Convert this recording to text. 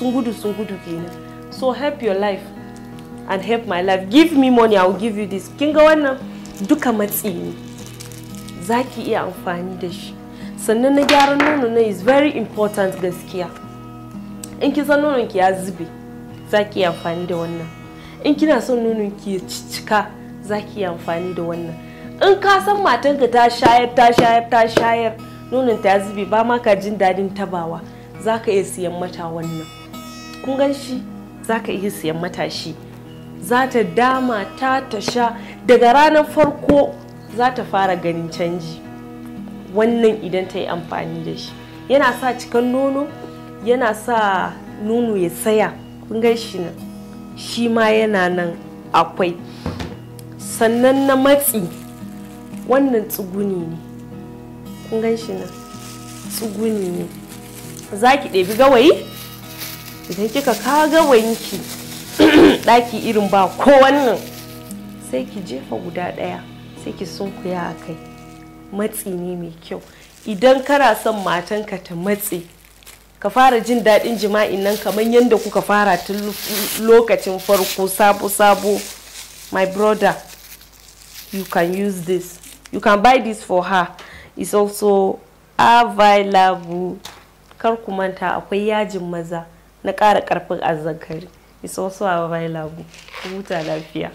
sun gudu sun gudu kenan so help your life and help my life give me money i will give you this kin ga wannan duka matsi ne za ki iya amfani da shi sannan na gyaran nono na is very important gaskiya in ki san nonon ki ya zube za ki iya amfani da wannan in kina son nonon ki ya cicika za ki iya amfani da wannan in ka san matanka ta shayar ta shayar ta shayar nonon ta ya zube ba ma ka jin dadin tabawa za ka iya siyan mata wannan kun gan shi za ka iya siyan matashi za ta dama ta ta sha daga ranar farko za ta fara ganin canji wannan idan ta yi amfani da shi yana sa cikan nono yana sa nono ya tsaya kun gan shi nan shi ma yana nan akwai sannan na matsi wannan tsuguni ne kun gan shi nan tsuguni ne za ki ɗebi gawayi idan kika kaga wanki daki irin ba ko wannan sai ki jefa guda ɗaya sai ki sunkuya a kai matsi ne mai kyau idan kana son matanka ta matse ka fara jin daɗin jima'in nan kamar yadda kuka fara tun lokacin farko sabo-sabo my brother you can use this you can buy this for her it's also available kar ku manta akwai yajin maza na ƙara ƙarfin azzakari isa wasu a bayan labu huta lafiya